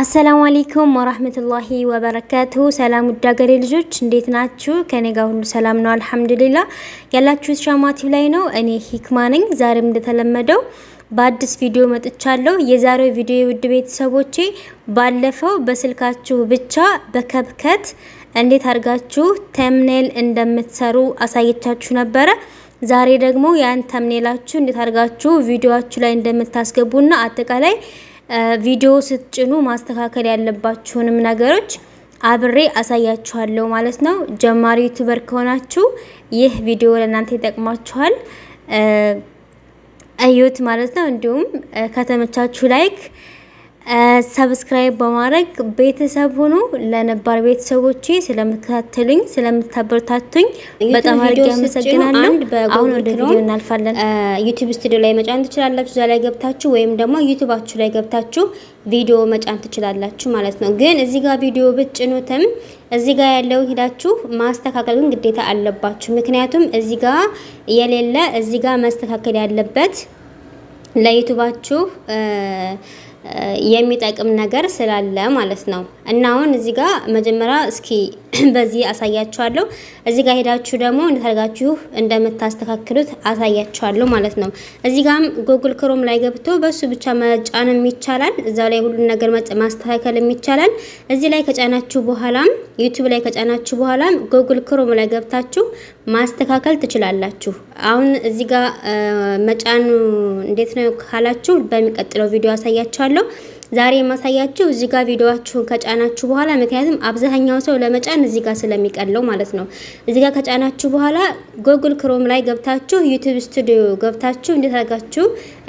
አሰላሙ አሌይኩም ወራህመቱላሂ ወበረካቱ። ሰላም ውድ አገሬ ልጆች እንዴት ናችሁ? ከኔ ጋር ሁሉ ሰላም ነው አልሐምዱሊላ። ያላችሁት ሻማ ቲቪ ላይ ነው። እኔ ሂክማ ነኝ። ዛሬም እንደተለመደው በአዲስ ቪዲዮ መጥቻለሁ። የዛሬው ቪዲዮ ውድ ቤተሰቦቼ ባለፈው በስልካችሁ ብቻ በከብከት እንዴት አድርጋችሁ ተምኔል እንደምትሰሩ አሳየቻችሁ ነበረ። ዛሬ ደግሞ ያን ተምኔላችሁ እንዴት አድርጋችሁ ቪዲዮችሁ ላይ እንደምታስገቡና አጠቃላይ ቪዲዮ ስትጭኑ ማስተካከል ያለባችሁንም ነገሮች አብሬ አሳያችኋለሁ ማለት ነው። ጀማሪ ዩቱበር ከሆናችሁ ይህ ቪዲዮ ለእናንተ ይጠቅማችኋል፣ እዩት ማለት ነው። እንዲሁም ከተመቻችሁ ላይክ ሰብስክራይብ በማድረግ ቤተሰብ ሆኖ ለነባር ቤተሰቦቼ ስለምትከታተሉኝ ስለምታበረታቱኝ በጣም አድርጌ አመሰግናለሁ። አሁን ወደ ቪዲዮ እናልፋለን። ዩቲዩብ ስቱዲዮ ላይ መጫን ትችላላችሁ። እዛ ላይ ገብታችሁ ወይም ደግሞ ዩቲዩባችሁ ላይ ገብታችሁ ቪዲዮ መጫን ትችላላችሁ ማለት ነው። ግን እዚህ ጋር ቪዲዮ ብትጭኑትም እዚህ ጋር ያለው ሂዳችሁ ማስተካከል ግን ግዴታ አለባችሁ። ምክንያቱም እዚህ ጋር የሌለ እዚህ ጋር መስተካከል ያለበት ለዩቲዩባችሁ የሚጠቅም ነገር ስላለ ማለት ነው። እና አሁን እዚህ ጋር መጀመሪያ እስኪ በዚህ አሳያችኋለሁ። እዚህ ጋር ሄዳችሁ ደግሞ እንደታርጋችሁ እንደምታስተካክሉት አሳያችኋለሁ ማለት ነው። እዚህ ጋም ጉግል ክሮም ላይ ገብቶ በሱ ብቻ መጫንም ይቻላል። እዛው ላይ ሁሉን ነገር ማስተካከልም ይቻላል። እዚህ ላይ ከጫናችሁ በኋላም ዩቲዩብ ላይ ከጫናችሁ በኋላም ጎግል ክሮም ላይ ገብታችሁ ማስተካከል ትችላላችሁ። አሁን እዚህ ጋር መጫኑ እንዴት ነው ካላችሁ በሚቀጥለው ቪዲዮ አሳያችኋለሁ። ዛሬ የማሳያችሁ እዚህ ጋር ቪዲዮአችሁን ከጫናችሁ በኋላ ምክንያቱም አብዛኛው ሰው ለመጫን እዚህ ጋር ስለሚቀለው ማለት ነው። እዚህ ጋር ከጫናችሁ በኋላ ጎግል ክሮም ላይ ገብታችሁ ዩቲዩብ ስቱዲዮ ገብታችሁ እንዴት አርጋችሁ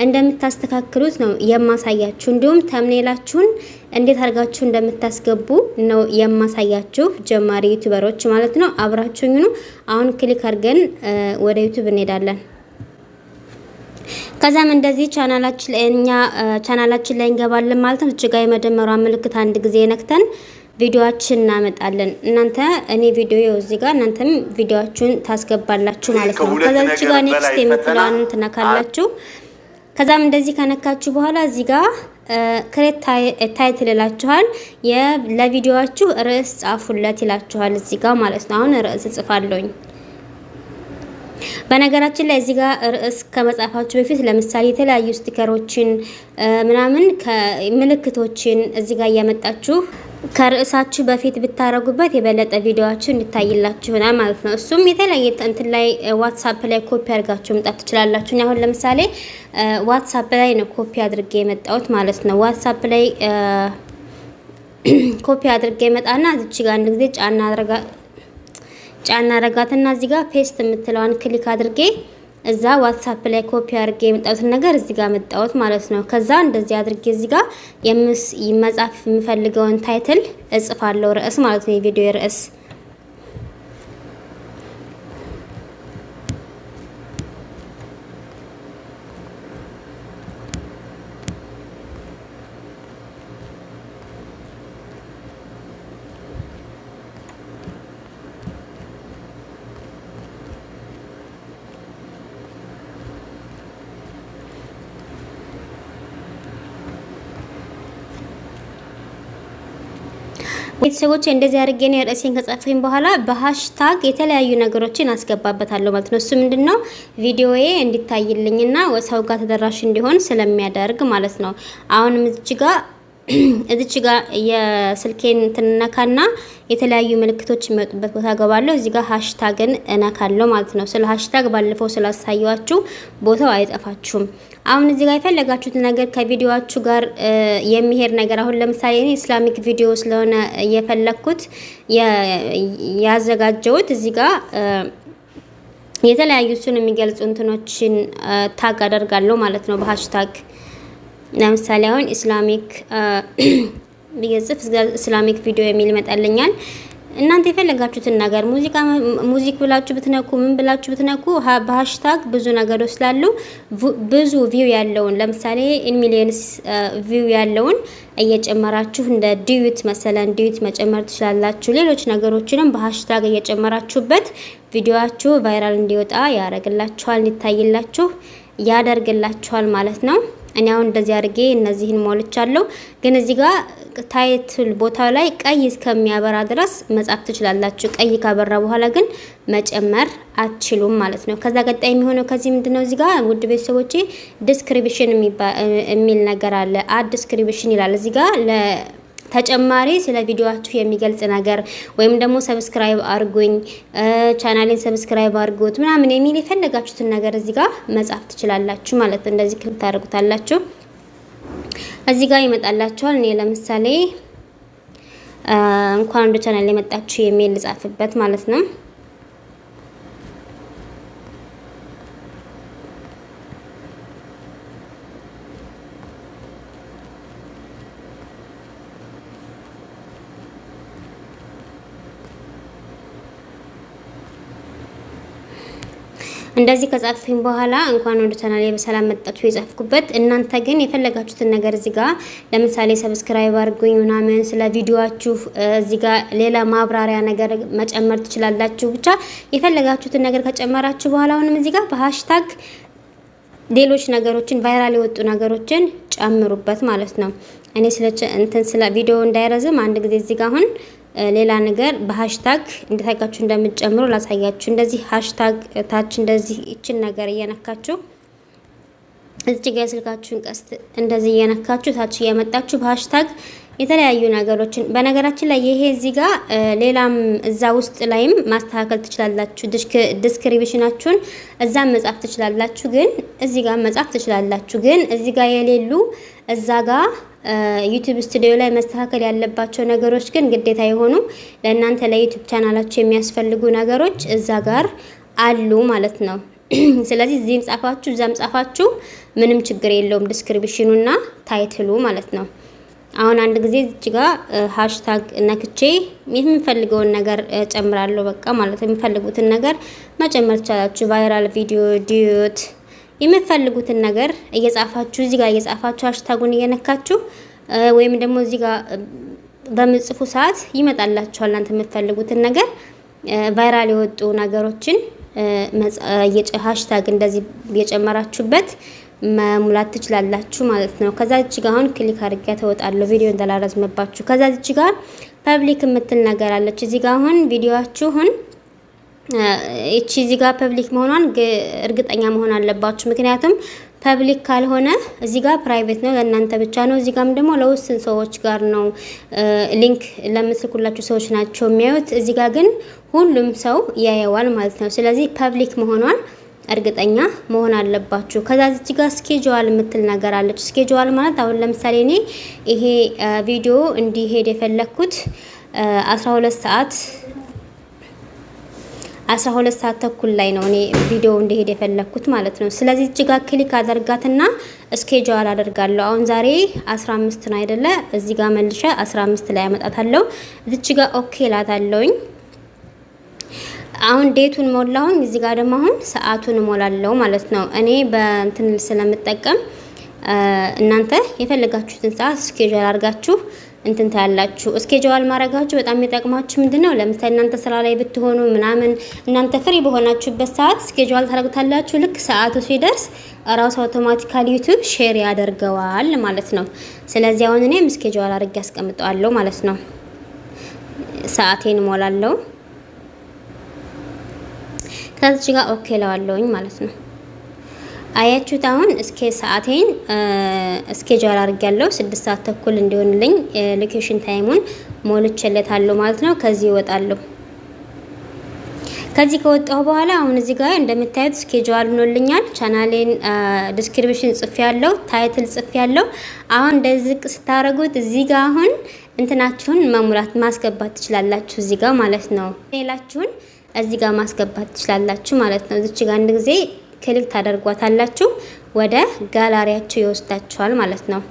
እንደምታስተካክሉት ነው የማሳያችሁ። እንዲሁም ተምኔላችሁን እንዴት አድርጋችሁ እንደምታስገቡ ነው የማሳያችሁ። ጀማሪ ዩቲዩበሮች ማለት ነው። አብራችሁኝ አሁን ክሊክ አርገን ወደ ዩቱብ እንሄዳለን። ከዛም እንደዚህ ቻናላችን ላይ እኛ ቻናላችን ላይ እንገባለን ማለት ነው። እችጋ የመደመሯን ምልክት አንድ ጊዜ ነክተን ቪዲዮችን እናመጣለን። እናንተ እኔ ቪዲዮ እዚህ ጋር እናንተም ቪዲዮችሁን ታስገባላችሁ ማለት ነው። ከዛ እችጋ ኔክስት የምትለዋን ትነካላችሁ። ከዛም እንደዚህ ከነካችሁ በኋላ እዚህ ጋር ክሬት ታይትል ይላችኋል። ለቪዲዮችሁ ርዕስ ጻፉለት ይላችኋል እዚህ ጋር ማለት ነው። አሁን ርዕስ እጽፋለሁኝ። በነገራችን ላይ እዚህ ጋር ርዕስ ከመጻፋችሁ በፊት ለምሳሌ የተለያዩ ስቲከሮችን ምናምን ምልክቶችን እዚህ ጋር እያመጣችሁ ከርዕሳችሁ በፊት ብታረጉበት የበለጠ ቪዲዮችሁ እንድታይላችሁ ይሆናል ማለት ነው። እሱም የተለያየ እንትን ላይ ዋትሳፕ ላይ ኮፒ አድርጋችሁ መምጣት ትችላላችሁ። እኔ አሁን ለምሳሌ ዋትሳፕ ላይ ነው ኮፒ አድርጌ የመጣሁት ማለት ነው። ዋትሳፕ ላይ ኮፒ አድርጌ መጣና እዚች ጋር አንድ ጊዜ ጫና ጫና ረጋትና እዚህ ጋር ፔስት የምትለዋን ክሊክ አድርጌ እዛ ዋትሳፕ ላይ ኮፒ አድርጌ የመጣሁትን ነገር እዚህ ጋር መጣሁት ማለት ነው። ከዛ እንደዚህ አድርጌ እዚህ ጋር መጻፍ የምፈልገውን ታይትል እጽፋለሁ፣ ርዕስ ማለት ነው፣ የቪዲዮ ርዕስ ቤተሰቦች እንደዚህ አድርጌ ነው ርዕሴን ከጻፈኝ በኋላ በሀሽታግ የተለያዩ ነገሮችን አስገባበታለሁ ማለት ነው። እሱ ምንድን ነው ቪዲዮዬ እንዲታይልኝና ሰው ጋር ተደራሽ እንዲሆን ስለሚያደርግ ማለት ነው። አሁን እዚች ጋር እዚች ጋር የስልኬን ትነካና የተለያዩ ምልክቶች የሚወጡበት ቦታ ገባለሁ። እዚህ ጋር ሀሽታግን እነካለሁ ማለት ነው። ስለ ሀሽታግ ባለፈው ስላሳየዋችሁ ቦታው አይጠፋችሁም። አሁን እዚህ ጋር የፈለጋችሁትን ነገር ከቪዲዮችሁ ጋር የሚሄድ ነገር አሁን ለምሳሌ እኔ ኢስላሚክ ቪዲዮ ስለሆነ የፈለግኩት ያዘጋጀሁት እዚህ ጋር የተለያዩ እሱን የሚገልጹ እንትኖችን ታግ አደርጋለሁ ማለት ነው በሃሽታግ ለምሳሌ አሁን ኢስላሚክ ቢገጽፍ እስላሚክ ቪዲዮ የሚል ይመጣልኛል። እናንተ የፈለጋችሁትን ነገር ሙዚቃ ሙዚክ ብላችሁ ብትነኩ ምን ብላችሁ ብትነኩ በሀሽታግ ብዙ ነገሮች ስላሉ ብዙ ቪው ያለውን ለምሳሌ ኢን ሚሊየንስ ቪው ያለውን እየጨመራችሁ እንደ ዲዩት መሰለን ዲዩት መጨመር ትችላላችሁ። ሌሎች ነገሮችንም በሀሽታግ እየጨመራችሁበት ቪዲዮችሁ ቫይራል እንዲወጣ ያደርግላችኋል፣ እንዲታይላችሁ ያደርግላችኋል ማለት ነው። እኔ አሁን እንደዚህ አድርጌ እነዚህን ሞልቻለሁ። ግን እዚህ ጋር ታይትል ቦታው ላይ ቀይ እስከሚያበራ ድረስ መጻፍ ትችላላችሁ። ቀይ ካበራ በኋላ ግን መጨመር አትችሉም ማለት ነው። ከዛ ቀጣይ የሚሆነው ከዚህ ምንድነው እዚህ ጋር ውድ ቤተሰቦቼ ዲስክሪፕሽን የሚል ነገር አለ። አድ ዲስክሪፕሽን ይላል እዚህ ጋር ተጨማሪ ስለ ቪዲዮችሁ የሚገልጽ ነገር ወይም ደግሞ ሰብስክራይብ አርጉኝ፣ ቻናሌን ሰብስክራይብ አርጉት ምናምን የሚል የፈለጋችሁትን ነገር እዚህ ጋር መጻፍ ትችላላችሁ ማለት ነው። እንደዚህ ክሊክ ታደርጉታላችሁ። እዚህ ጋር ይመጣላችኋል። እኔ ለምሳሌ እንኳን ወደ ቻናል የመጣችሁ የሚል ልጻፍበት ማለት ነው። እንደዚህ ከጻፍኩኝ በኋላ እንኳን ወደ ቻናሌ በሰላም መጣችሁ የጻፍኩበት። እናንተ ግን የፈለጋችሁትን ነገር እዚህ ጋር ለምሳሌ ሰብስክራይብ አድርጉኝ ምናምን፣ ስለ ቪዲዮችሁ እዚህ ጋር ሌላ ማብራሪያ ነገር መጨመር ትችላላችሁ። ብቻ የፈለጋችሁትን ነገር ከጨመራችሁ በኋላ አሁንም እዚህ ጋር በሀሽታግ ሌሎች ነገሮችን ቫይራል የወጡ ነገሮችን ጨምሩበት ማለት ነው። እኔ ስለ እንትን ስለ ቪዲዮ እንዳይረዝም አንድ ጊዜ እዚህ ጋር አሁን ሌላ ነገር በሀሽታግ እንዴታካችሁ እንደምትጨምሩ ላሳያችሁ። እንደዚህ ሀሽታግ ታች እንደዚህ ይችን ነገር እየነካችሁ እዚህ ጋር ስልካችሁን ቀስት እንደዚህ እየነካችሁ ታች እያመጣችሁ በሀሽታግ የተለያዩ ነገሮችን በነገራችን ላይ ይሄ እዚህ ጋር ሌላም እዛ ውስጥ ላይም ማስተካከል ትችላላችሁ። ዲስክሪፕሽናችሁን እዛም መጻፍ ትችላላችሁ፣ ግን እዚህ ጋር መጻፍ ትችላላችሁ፣ ግን እዚህ ጋር የሌሉ እዛ ጋር ዩቲዩብ ስቱዲዮ ላይ መስተካከል ያለባቸው ነገሮች ግን ግዴታ የሆኑ ለእናንተ ለዩቲዩብ ቻናላችሁ የሚያስፈልጉ ነገሮች እዛ ጋር አሉ ማለት ነው። ስለዚህ እዚህም ጻፋችሁ እዛም ጻፋችሁ ምንም ችግር የለውም። ዲስክሪፕሽኑና ታይትሉ ማለት ነው። አሁን አንድ ጊዜ እዚች ጋር ሃሽታግ ነክቼ የምንፈልገውን ነገር ጨምራለሁ። በቃ ማለት የምፈልጉትን ነገር መጨመር ትችላችሁ። ቫይራል ቪዲዮ፣ ዲዩት የምፈልጉትን ነገር እየጻፋችሁ እዚህ ጋር እየጻፋችሁ ሃሽታጉን እየነካችሁ ወይም ደግሞ እዚህ ጋር በምጽፉ ሰዓት ይመጣላችኋል። እናንተ የምትፈልጉትን ነገር ቫይራል የወጡ ነገሮችን ሃሽታግ እንደዚህ እየጨመራችሁበት መሙላት ትችላላችሁ ማለት ነው። ከዛ እቺ ጋር አሁን ክሊክ አድርጌ ተወጣለሁ ቪዲዮ እንዳላረዝምባችሁ። ከዛ እቺ ጋር ፐብሊክ የምትል ነገር አለች። እዚህ ጋር አሁን ቪዲዮአችሁን እቺ እዚህ ጋር ፐብሊክ መሆኗን እርግጠኛ መሆን አለባችሁ። ምክንያቱም ፐብሊክ ካልሆነ እዚህ ጋር ፕራይቬት ነው፣ ለእናንተ ብቻ ነው። እዚህ ጋርም ደግሞ ለውስን ሰዎች ጋር ነው ሊንክ ለምትልኩላችሁ ሰዎች ናቸው የሚያዩት። እዚህ ጋር ግን ሁሉም ሰው ያየዋል ማለት ነው። ስለዚህ ፐብሊክ መሆኗን እርግጠኛ መሆን አለባችሁ። ከዛ እዚህ ጋር ስኬጅዋል የምትል ነገር አለች። ስኬጅዋል ማለት አሁን ለምሳሌ እኔ ይሄ ቪዲዮ እንዲሄድ የፈለግኩት 12 ሰዓት 12 ሰዓት ተኩል ላይ ነው እኔ ቪዲዮ እንዲሄድ የፈለግኩት ማለት ነው። ስለዚህ እዚህ ጋር ክሊክ አደርጋትና ስኬጁል አደርጋለሁ። አሁን ዛሬ 15 ነው አይደለ? እዚህ ጋር መልሼ 15 ላይ አመጣታለሁ። እዚህ ጋር ኦኬ ላታለሁኝ። አሁን ዴቱን ሞላሁኝ። እዚህ ጋር ደግሞ አሁን ሰዓቱን ሞላለው ማለት ነው። እኔ በእንትን ስለምጠቀም እናንተ የፈለጋችሁትን ሰዓት እስኬጁል አድርጋችሁ እንትን ታያላችሁ። እስኬጁል ማድረጋችሁ በጣም የጠቅማችሁ ምንድን ነው? ለምሳሌ እናንተ ስራ ላይ ብትሆኑ ምናምን እናንተ ፍሪ በሆናችሁበት ሰዓት እስኬጁል ታደርጉታላችሁ። ልክ ሰዓቱ ሲደርስ ራሱ አውቶማቲካሊ ዩቲዩብ ሼር ያደርገዋል ማለት ነው። ስለዚህ አሁን እኔም እስኬጁል አድርጌ አስቀምጠዋለሁ ማለት ነው። ሰዓቴን ሞላለሁ። ከዚች ጋር ኦኬ ለዋለውኝ ማለት ነው። አያችሁት? አሁን እስከ ሰዓቴን እስከ ጃር አድርጌያለሁ። ስድስት ሰዓት ተኩል እንዲሆንልኝ ሎኬሽን ታይሙን ሞልቼለታለሁ ማለት ነው። ከዚህ ይወጣለሁ። ከዚህ ከወጣሁ በኋላ አሁን እዚህ ጋር እንደምታዩት ስኬጁል ብኖልኛል። ቻናሌን ዲስክሪፕሽን ጽፌ ያለው ታይትል ጽፌ ያለው። አሁን እንደዚህ ዝቅ ስታደርጉት እዚህ ጋር አሁን እንትናችሁን መሙላት ማስገባት ትችላላችሁ። እዚህ ጋር ማለት ነው ሌላችሁን እዚህ ጋር ማስገባት ትችላላችሁ ማለት ነው። እዚች ጋር አንድ ጊዜ ክሊክ ታደርጓታላችሁ ወደ ጋላሪያችሁ ይወስዳችኋል ማለት ነው።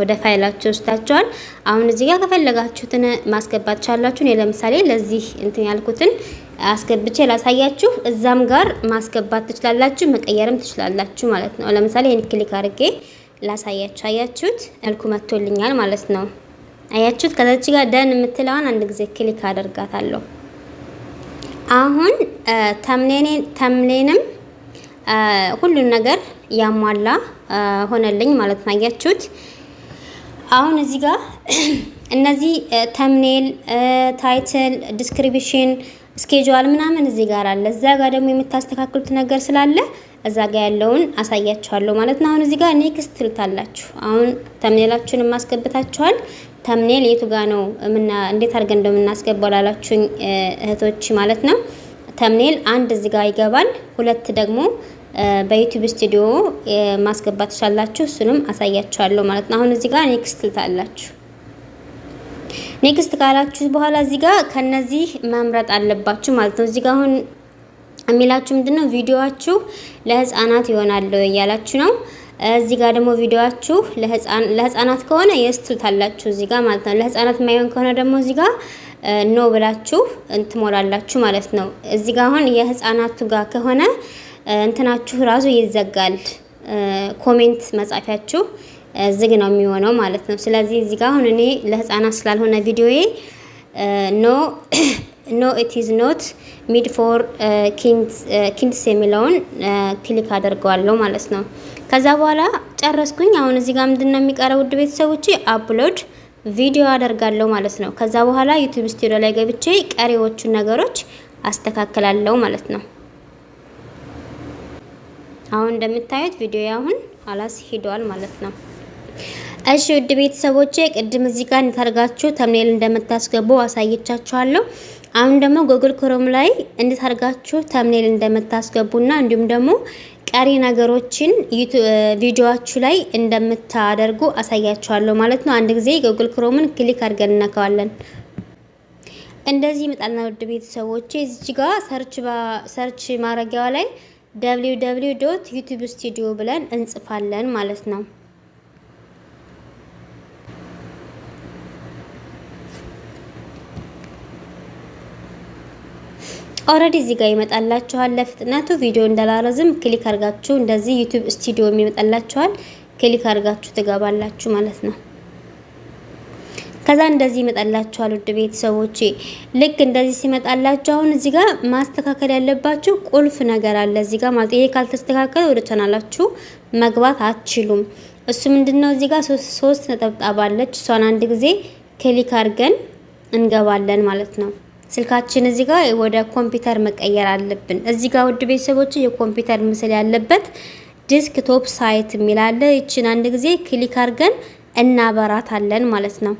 ወደ ፋይላችሁ ይወስዳችኋል። አሁን እዚህ ጋር ከፈለጋችሁትን ማስገባት ትችላላችሁ። እኔ ለምሳሌ ለዚህ እንትን ያልኩትን አስገብቼ ላሳያችሁ። እዛም ጋር ማስገባት ትችላላችሁ፣ መቀየርም ትችላላችሁ ማለት ነው። ለምሳሌ ይህን ክሊክ አድርጌ ላሳያችሁ። አያችሁት? መልኩ መጥቶልኛል ማለት ነው። አያችሁት? ከዛች ጋር ደን የምትለዋን አንድ ጊዜ ክሊክ አደርጋታለሁ። አሁን ተምሌንም ሁሉን ነገር ያሟላ ሆነልኝ ማለት ነው። አያችሁት? አሁን እዚህ ጋር እነዚህ ተምኔል፣ ታይትል፣ ዲስክሪፕሽን፣ ስኬጁዋል ምናምን እዚህ ጋር አለ። እዛ ጋር ደግሞ የምታስተካክሉት ነገር ስላለ እዛ ጋር ያለውን አሳያችኋለሁ ማለት ነው። አሁን እዚህ ጋር ኔክስት ትሉታላችሁ። አሁን ተምኔላችሁን ማስገብታችኋል። ተምኔል የቱ ጋ ነው ምና እንዴት አድርገን እንደምናስገባው ላላችሁኝ እህቶች ማለት ነው። ተምኔል አንድ እዚህ ጋር ይገባል። ሁለት ደግሞ በዩቲዩብ ስቱዲዮ ማስገባት ትችላላችሁ። እሱንም አሳያችኋለሁ ማለት ነው። አሁን እዚህ ጋር ኔክስት ልታላችሁ። ኔክስት ካላችሁ በኋላ እዚህ ጋር ከነዚህ መምረጥ አለባችሁ ማለት ነው። እዚህ ጋር አሁን የሚላችሁ ምንድነው ቪዲዮችሁ ለህፃናት ይሆናል እያላችሁ ነው እዚህ ጋር ደግሞ ቪዲዮአችሁ ለህፃናት ከሆነ የስቱት አላችሁ እዚህ ጋር ማለት ነው። ለህፃናት የማይሆን ከሆነ ደግሞ እዚህ ጋር ኖ ብላችሁ እንትሞላላችሁ ማለት ነው። እዚህ ጋር አሁን የህፃናቱ ጋር ከሆነ እንትናችሁ ራሱ ይዘጋል። ኮሜንት መጻፊያችሁ ዝግ ነው የሚሆነው ማለት ነው። ስለዚህ እዚህ ጋር አሁን እኔ ለህፃናት ስላልሆነ ቪዲዮዬ ኖ ኖ ኢት ኢዝ ኖት ሚድ ፎር ኪድስ የሚለውን ክሊክ አደርገዋለሁ ማለት ነው። ከዛ በኋላ ጨረስኩኝ። አሁን እዚህ ጋር ምንድነው የሚቀረው ውድ ቤተሰቦቼ? አፕሎድ ቪዲዮ አደርጋለሁ ማለት ነው። ከዛ በኋላ ዩቲዩብ ስቱዲዮ ላይ ገብቼ ቀሪዎቹን ነገሮች አስተካክላለሁ ማለት ነው። አሁን እንደምታዩት ቪዲዮ አሁን አላስ ሂዷል ማለት ነው። እሺ ውድ ቤተሰቦቼ ቅድም እዚህ ጋር እንታርጋችሁ ተምኔል እንደምታስገቡ አሳየቻችኋለሁ። አሁን ደግሞ ጎግል ክሮም ላይ እንድታርጋችሁ ተምኔል እንደምታስገቡና እንዲሁም ደግሞ ቀሪ ነገሮችን ቪዲዮዎቹ ላይ እንደምታደርጉ አሳያችኋለሁ ማለት ነው። አንድ ጊዜ ጉግል ክሮምን ክሊክ አድርገን እናከዋለን። እንደዚህ ይመጣልና ውድ ቤተሰቦቼ እዚህ ጋር ሰርች ሰርች ማድረጊያዋ ላይ www.youtube ስቱዲዮ ብለን እንጽፋለን ማለት ነው። ኦልሬዲ እዚህ ጋር ይመጣላችኋል። ለፍጥነቱ ቪዲዮ እንዳላረዝም ክሊክ አርጋችሁ እንደዚህ ዩቲዩብ ስቱዲዮ ይመጣላችኋል። ክሊክ አርጋችሁ ትገባላችሁ ማለት ነው። ከዛ እንደዚህ ይመጣላችኋል። ውድ ቤተሰቦቼ ልክ እንደዚህ ሲመጣላችሁ አሁን እዚህ ጋር ማስተካከል ያለባችሁ ቁልፍ ነገር አለ እዚህ ጋር ማለት ይሄ ካልተስተካከለ ወደ ቻናላችሁ መግባት አትችሉም። እሱ ምንድነው? እዚህ ጋር ሶስት ነጠብጣብ አለች። እሷን አንድ ጊዜ ክሊክ አድርገን እንገባለን ማለት ነው። ስልካችን እዚህ ጋር ወደ ኮምፒውተር መቀየር አለብን። እዚህ ጋር ውድ ቤተሰቦች የኮምፒውተር ምስል ያለበት ዲስክቶፕ ሳይት የሚላለ ይችን አንድ ጊዜ ክሊክ አድርገን እናበራታለን ማለት ነው።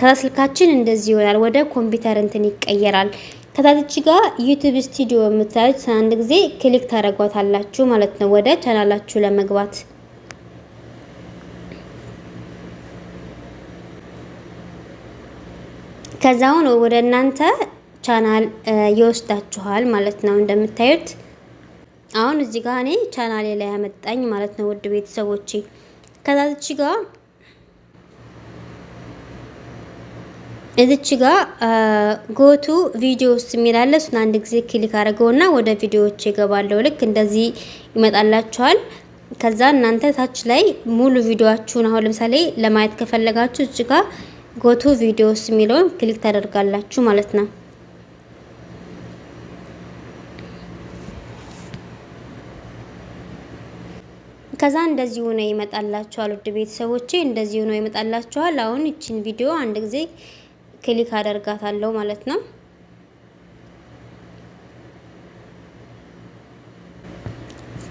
ከዛ ስልካችን እንደዚህ ይሆናል፣ ወደ ኮምፒውተር እንትን ይቀየራል። ከታች ጋር ዩቲዩብ ስቱዲዮ የምታዩት አንድ ጊዜ ክሊክ ታደርጓታላችሁ ማለት ነው፣ ወደ ቻናላችሁ ለመግባት ከዛውን ወደ እናንተ ቻናል ይወስዳችኋል ማለት ነው። እንደምታዩት አሁን እዚህ ጋር እኔ ቻናሌ ላይ ያመጣኝ ማለት ነው። ውድ ቤተሰቦቼ ከዛ እዚህ ጋር እዚች ጋር ጎቱ ቪዲዮስ የሚላለ እሱን አንድ ጊዜ ክሊክ አድርገውና ወደ ቪዲዮዎች ይገባለሁ። ልክ እንደዚህ ይመጣላችኋል። ከዛ እናንተ ታች ላይ ሙሉ ቪዲዮችሁን አሁን ለምሳሌ ለማየት ከፈለጋችሁ እዚህ ጋር ጎቱ ቪዲዮስ የሚለውን ክሊክ ታደርጋላችሁ ማለት ነው። ከዛ እንደዚህ ሆኖ ይመጣላችኋል። ውድ ቤተሰቦቼ እንደዚህ ሆኖ ይመጣላችኋል። አሁን ይችን ቪዲዮ አንድ ጊዜ ክሊክ አደርጋታለሁ ማለት ነው።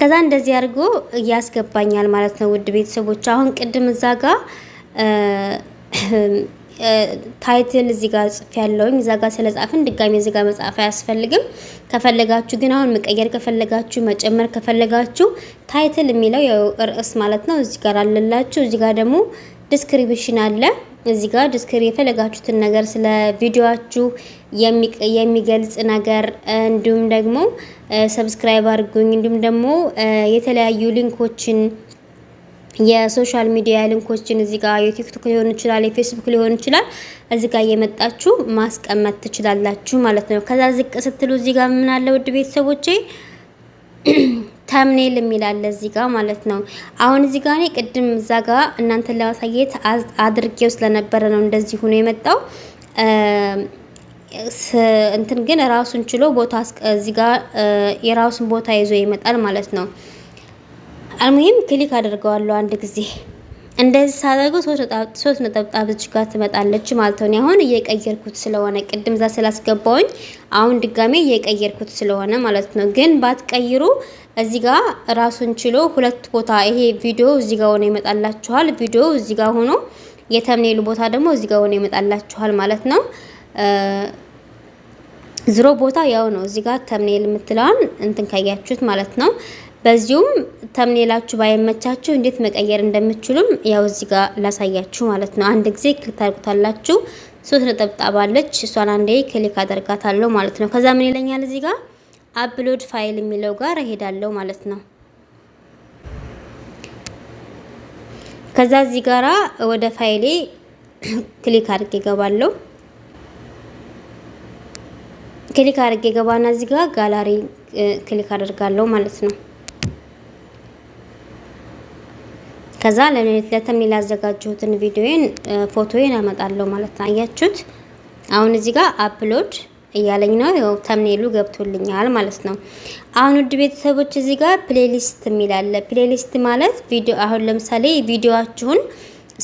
ከዛ እንደዚህ አድርጎ ያስገባኛል ማለት ነው። ውድ ቤተሰቦች አሁን ቅድም እዛ ጋር ታይትል እዚህ ጋር ጽፍ ያለውኝ እዛ ጋር ስለጻፍን ድጋሚ እዚህ ጋር መጻፍ አያስፈልግም። ከፈለጋችሁ ግን አሁን መቀየር ከፈለጋችሁ መጨመር ከፈለጋችሁ ታይትል የሚለው ርዕስ ማለት ነው እዚህ ጋር አለላችሁ። እዚህ ጋር ደግሞ ዲስክሪፕሽን አለ። እዚህ ጋር ዲስክሪ የፈለጋችሁትን ነገር ስለ ቪዲዮአችሁ የሚገልጽ ነገር እንዲሁም ደግሞ ሰብስክራይብ አድርጉኝ እንዲሁም ደግሞ የተለያዩ ሊንኮችን የሶሻል ሚዲያ ሊንኮችን እዚህ ጋር የቲክቶክ ሊሆን ይችላል፣ የፌስቡክ ሊሆን ይችላል። እዚህ ጋር እየመጣችሁ ማስቀመጥ ትችላላችሁ ማለት ነው። ከዛ ዝቅ ስትሉ እዚህ ጋር ምን አለ ውድ ቤተሰቦቼ ተምኔል የሚላለ እዚህ ጋር ማለት ነው። አሁን እዚህ ጋር እኔ ቅድም እዛ ጋር እናንተን ለማሳየት አድርጌው ስለነበረ ነው እንደዚህ ሆኖ የመጣው እንትን ግን ራሱን ችሎ ቦታ እዚህ ጋር የራሱን ቦታ ይዞ ይመጣል ማለት ነው። አልሙሂም ክሊክ አድርገዋለሁ አንድ ጊዜ እንደዚህ ሳደርገው ሶስት ነጠብጣቦች ጋር ትመጣለች ማለት ነው። አሁን እየቀየርኩት ስለሆነ ቅድም እዛ ስላስገባውኝ አሁን ድጋሜ እየቀየርኩት ስለሆነ ማለት ነው። ግን ባትቀይሩ እዚህ ጋር ራሱን ችሎ ሁለት ቦታ ይሄ ቪዲዮ እዚህ ጋር ሆኖ ይመጣላችኋል። ቪዲዮ እዚህ ጋር ሆኖ የተምኔሉ ቦታ ደግሞ እዚህ ጋር ሆኖ ይመጣላችኋል ማለት ነው። ዝሮ ቦታ ያው ነው። እዚህ ጋር ተምኔል የምትለዋን እንትን ካያችሁት ማለት ነው። በዚሁም ተምኔላችሁ ባይመቻችሁ እንዴት መቀየር እንደምችሉም ያው እዚህ ጋር ላሳያችሁ ማለት ነው። አንድ ጊዜ ክሊክ ታደርጉታላችሁ። ሶስት ነጠብጣብ አለች። እሷን አንዴ ክሊክ አደርጋታለሁ ማለት ነው። ከዛ ምን ይለኛል እዚህ ጋር አፕሎድ ፋይል የሚለው ጋር እሄዳለሁ ማለት ነው። ከዛ እዚህ ጋራ ወደ ፋይሌ ክሊክ አድርጌ እገባለሁ። ክሊክ አድርጌ ገባና እዚህ ጋር ጋላሪ ክሊክ አደርጋለሁ ማለት ነው። ከዛ ለኔት ለተም ያዘጋጀሁትን ቪዲዮዬን ፎቶዬን አመጣለሁ ማለት ነው። አያችሁት? አሁን እዚህ ጋር አፕሎድ እያለኝ ነው። ያው ተምኔሉ ገብቶልኛል ማለት ነው። አሁን ውድ ቤተሰቦች እዚህ ጋር ፕሌሊስት የሚል አለ። ፕሌሊስት ማለት ቪዲዮ አሁን ለምሳሌ ቪዲዮአችሁን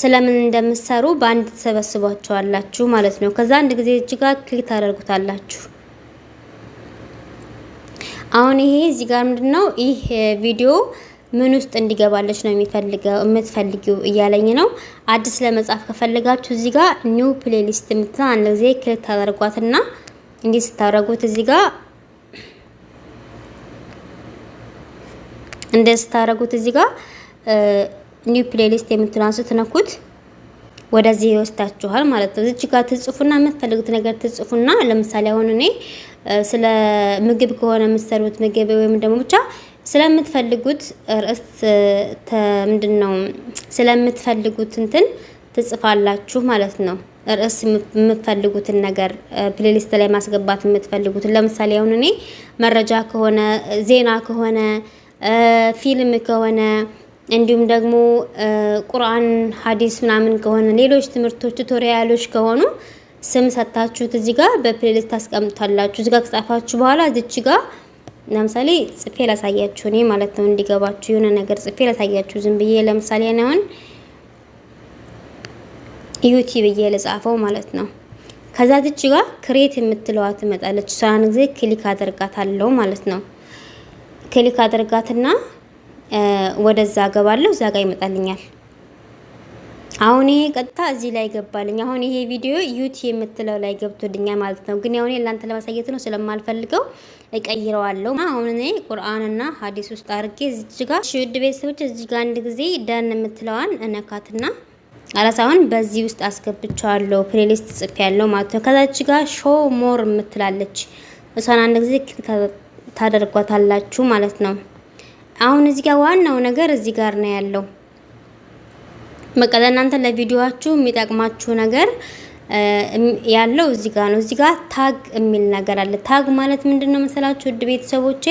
ስለምን እንደምትሰሩ በአንድ ተሰበስቧቸዋላችሁ ማለት ነው። ከዛ አንድ ጊዜ እዚህ ጋር ክሊክ ታደርጉታላችሁ። አሁን ይሄ እዚህ ጋር ምንድነው ይህ ቪዲዮ ምን ውስጥ እንዲገባለች ነው የሚፈልገው የምትፈልጊው እያለኝ ነው። አዲስ ለመጻፍ ከፈልጋችሁ እዚህ ጋር ኒው ፕሌሊስት የምትለው አንድ ጊዜ ክሊክ ታደርጓትና እንዲህ ስታደርጉት እዚህ ጋር እንደ ስታደርጉት እዚህ ጋር ኒው ፕሌሊስት የምትለዋን ስትነኩት ወደዚህ ይወስዳችኋል ማለት ነው። እዚች ጋር ትጽፉና የምትፈልጉት ነገር ትጽፉና ለምሳሌ አሁን እኔ ስለ ምግብ ከሆነ የምትሰሩት ምግብ ወይም ደግሞ ብቻ ስለምትፈልጉት ርዕስ ምንድን ነው ስለምትፈልጉት እንትን ትጽፋላችሁ ማለት ነው። ርዕስ የምትፈልጉትን ነገር ፕሌሊስት ላይ ማስገባት የምትፈልጉትን ለምሳሌ አሁን እኔ መረጃ ከሆነ ዜና ከሆነ ፊልም ከሆነ እንዲሁም ደግሞ ቁርአን ሀዲስ ምናምን ከሆነ ሌሎች ትምህርቶች ቱቶሪያሎች ከሆኑ ስም ሰጥታችሁት እዚህ ጋር በፕሌሊስት ታስቀምጣላችሁ። እዚህ ጋር ከጻፋችሁ በኋላ እዚች ጋር ለምሳሌ ጽፌ ላሳያችሁ እኔ ማለት ነው እንዲገባችሁ የሆነ ነገር ጽፌ ላሳያችሁ ዝም ብዬ ለምሳሌ ነውን ዩቲብ ብዬ ልጻፈው ማለት ነው። ከዛ ዝች ጋር ክሬት የምትለዋ ትመጣለች። እሷን ጊዜ ክሊክ አደርጋታለሁ ማለት ነው። ክሊክ አደርጋትና ወደዛ ገባለሁ። እዛ ጋር ይመጣልኛል። አሁን ይሄ ቀጥታ እዚህ ላይ ገባልኝ። አሁን ይሄ ቪዲዮ ዩቲ የምትለው ላይ ገብቶልኛል ማለት ነው። ግን ያሁን ለአንተ ለማሳየት ነው ስለማልፈልገው እቀይረዋለሁ። አሁን እኔ ቁርአንና ሀዲስ ውስጥ አድርጌ እዚህ ጋር ሽድ ቤተሰቦች እዚህ ጋር አንድ ጊዜ ዳን የምትለዋን እነካትና አላሳሁን በዚህ ውስጥ አስገብቻለሁ። ፕሌሊስት ጽፍ ያለው ማለት ነው። ከዛች ጋር ሾ ሞር የምትላለች እሷን አንድ ጊዜ ታደርጓታላችሁ ማለት ነው። አሁን እዚህ ጋር ዋናው ነገር እዚህ ጋር ነው ያለው በቃ ለእናንተ ለቪዲዮአችሁ የሚጠቅማችሁ ነገር ያለው እዚህ ጋር ነው። እዚህ ጋር ታግ የሚል ነገር አለ። ታግ ማለት ምንድን ነው መሰላችሁ? ውድ ቤተሰቦቼ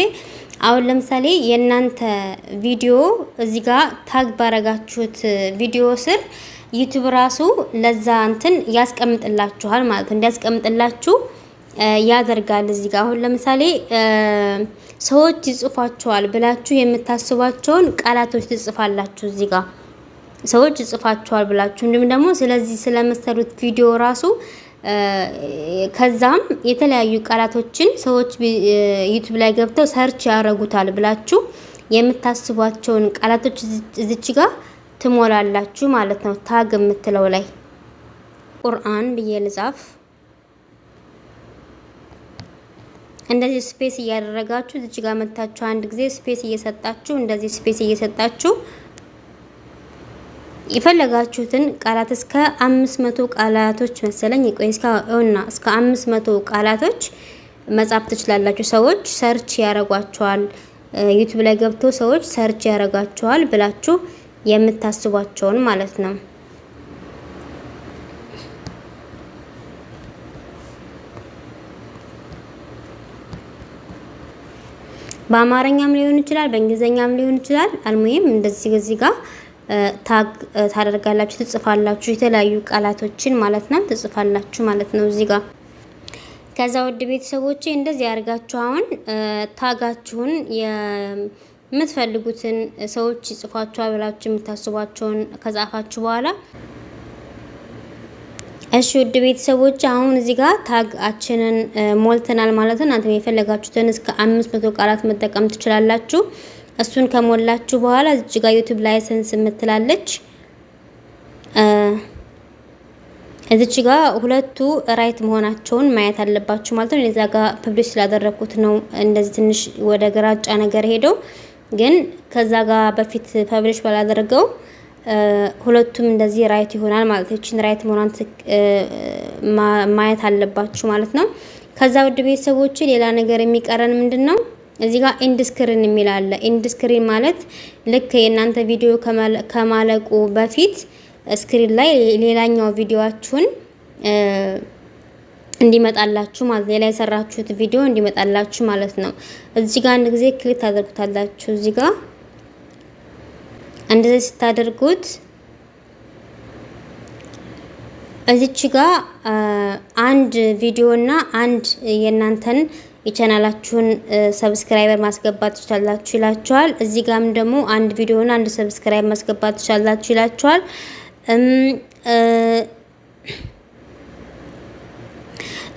አሁን ለምሳሌ የእናንተ ቪዲዮ እዚህ ጋር ታግ ባረጋችሁት ቪዲዮ ስር ዩቲዩብ ራሱ ለዛ እንትን ያስቀምጥላችኋል ማለት ነው። እንዲያስቀምጥላችሁ ያደርጋል። እዚህ ጋር አሁን ለምሳሌ ሰዎች ይጽፏችኋል ብላችሁ የምታስቧቸውን ቃላቶች ትጽፋላችሁ እዚህ ጋር ሰዎች ይጽፋቸዋል ብላችሁ እንዲሁም ደግሞ ስለዚህ ስለመሰሉት ቪዲዮ ራሱ ከዛም የተለያዩ ቃላቶችን ሰዎች ዩቲዩብ ላይ ገብተው ሰርች ያደረጉታል ብላችሁ የምታስቧቸውን ቃላቶች እዚች ጋር ትሞላላችሁ ማለት ነው። ታግ የምትለው ላይ ቁርአን ብዬ ልጻፍ። እንደዚህ ስፔስ እያደረጋችሁ እዚች ጋር መታችሁ አንድ ጊዜ ስፔስ እየሰጣችሁ እንደዚህ ስፔስ እየሰጣችሁ የፈለጋችሁትን ቃላት እስከ አምስት መቶ ቃላቶች መሰለኝ ቆይ እስከና እስከ አምስት መቶ ቃላቶች መጻፍ ትችላላችሁ። ሰዎች ሰርች ያረጓቸዋል፣ ዩቲዩብ ላይ ገብቶ ሰዎች ሰርች ያረጓቸዋል ብላችሁ የምታስቧቸውን ማለት ነው። በአማርኛም ሊሆን ይችላል፣ በእንግሊዝኛም ሊሆን ይችላል። አልሙይም እንደዚህ እዚህ ጋር ታግ ታደርጋላችሁ፣ ትጽፋላችሁ የተለያዩ ቃላቶችን ማለት ነው ትጽፋላችሁ ማለት ነው እዚህ ጋር። ከዛ ውድ ቤተሰቦች እንደዚህ አድርጋችሁ አሁን ታጋችሁን የምትፈልጉትን ሰዎች ይጽፏችኋል ብላችሁ የምታስቧቸውን ከጻፋችሁ በኋላ እሺ ውድ ቤተሰቦች አሁን እዚህ ጋር ታጋችንን ሞልተናል ማለት ነው። እናንተ የፈለጋችሁትን እስከ አምስት መቶ ቃላት መጠቀም ትችላላችሁ። እሱን ከሞላችሁ በኋላ እዚህ ጋር ዩቲዩብ ላይሰንስ የምትላለች እዚች ጋር ሁለቱ ራይት መሆናቸውን ማየት አለባችሁ ማለት ነው። እዛ ጋር ፐብሊሽ ስላደረኩት ነው እንደዚህ ትንሽ ወደ ግራጫ ነገር ሄደው፣ ግን ከዛ ጋር በፊት ፐብሊሽ ባላደረገው ሁለቱም እንደዚህ ራይት ይሆናል ማለት እችን ራይት መሆኗን ማየት አለባችሁ ማለት ነው። ከዛ ውድ ቤተሰቦች ሌላ ነገር የሚቀረን ምንድን ነው? እዚህ ጋር ኢንድ ስክሪን የሚል አለ። ኢንድ ስክሪን ማለት ልክ የእናንተ ቪዲዮ ከማለቁ በፊት ስክሪን ላይ ሌላኛው ቪዲዮአችሁን እንዲመጣላችሁ ማለት ሌላ የሰራችሁት ቪዲዮ እንዲመጣላችሁ ማለት ነው። እዚህ ጋር አንድ ጊዜ ክሊክ ታደርጉታላችሁ። እዚህ ጋር እንደዚህ ስታደርጉት እዚች ጋር አንድ ቪዲዮ እና አንድ የእናንተን የቻናላችሁን ሰብስክራይበር ማስገባት ትችላላችሁ ይላችኋል። እዚህ ጋም ደግሞ አንድ ቪዲዮና አንድ ሰብስክራይብ ማስገባት ትችላላችሁ ይላችኋል።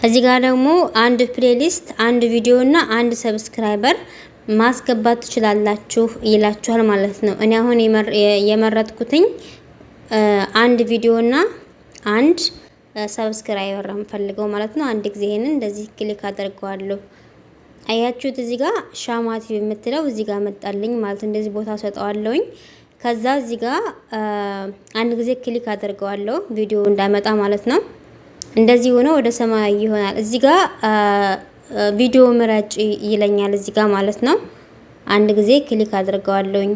እዚህ ጋር ደግሞ አንድ ፕሌሊስት፣ አንድ ቪዲዮ እና አንድ ሰብስክራይበር ማስገባት ትችላላችሁ ይላችኋል ማለት ነው። እኔ አሁን የመረጥኩትኝ አንድ ቪዲዮና አንድ ሰብስክራይበር የምፈልገው ማለት ነው። አንድ ጊዜ ይሄንን እንደዚህ ክሊክ አደርገዋለሁ። አያችሁት? እዚህ ጋር ሻማቲ የምትለው እዚህ ጋር መጣልኝ ማለት እንደዚህ ቦታ ሰጠዋለሁኝ። ከዛ እዚህ ጋር አንድ ጊዜ ክሊክ አድርገዋለሁ ቪዲዮ እንዳመጣ ማለት ነው። እንደዚህ ሆኖ ወደ ሰማያዊ ይሆናል። እዚህ ጋር ቪዲዮ ምረጭ ይለኛል እዚህ ጋር ማለት ነው። አንድ ጊዜ ክሊክ አድርገዋለሁኝ።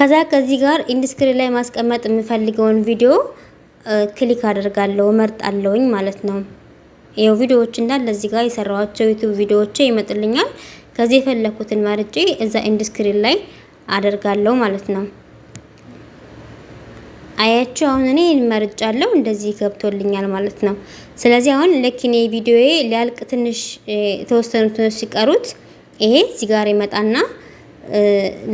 ከዛ ከዚህ ጋር ኢንዲስክሪን ላይ ማስቀመጥ የምፈልገውን ቪዲዮ ክሊክ አደርጋለሁ መርጣለሁኝ ማለት ነው። ይኸው ቪዲዮዎች እንዳለ እዚህ ጋር የሰራኋቸው ዩቱብ ቪዲዮዎች ይመጡልኛል። ከዚህ የፈለኩትን መርጬ እዛ ኢንዲስክሪን ላይ አደርጋለሁ ማለት ነው። አያቸው አሁን እኔ መርጫለሁ እንደዚህ ገብቶልኛል ማለት ነው። ስለዚህ አሁን ልክ እኔ ቪዲዮዬ ሊያልቅ ትንሽ የተወሰኑ ትንሽ ሲቀሩት ይሄ እዚህ ጋር ይመጣና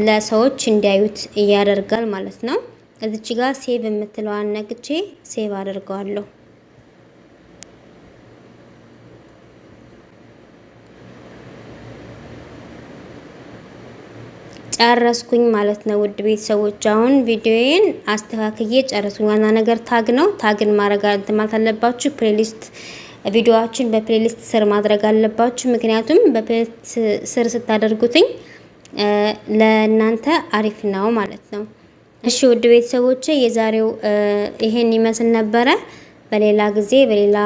ለሰዎች እንዲያዩት ያደርጋል ማለት ነው። እዚች ጋር ሴቭ የምትለዋን ነግቼ ሴቭ አደርገዋለሁ። ጨረስኩኝ ማለት ነው። ውድ ቤተሰቦች አሁን ቪዲዮዬን አስተካክዬ ጨረስኩኝ። ዋና ነገር ታግ ነው። ታግን ማድረግ እንትማት አለባችሁ። ፕሌሊስት ቪዲዮዎችን በፕሌሊስት ስር ማድረግ አለባችሁ። ምክንያቱም በፕሌሊስት ስር ስታደርጉትኝ ለእናንተ አሪፍ ነው ማለት ነው። እሺ ውድ ቤተሰቦች የዛሬው ይሄን ይመስል ነበረ። በሌላ ጊዜ በሌላ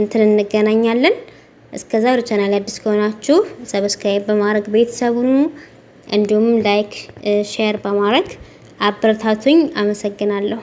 እንትን እንገናኛለን። እስከዛው ቻናል አዲስ ከሆናችሁ ሰብስክራይብ በማድረግ ቤተሰቡን እንዲሁም ላይክ፣ ሼር በማድረግ አበረታቱኝ። አመሰግናለሁ።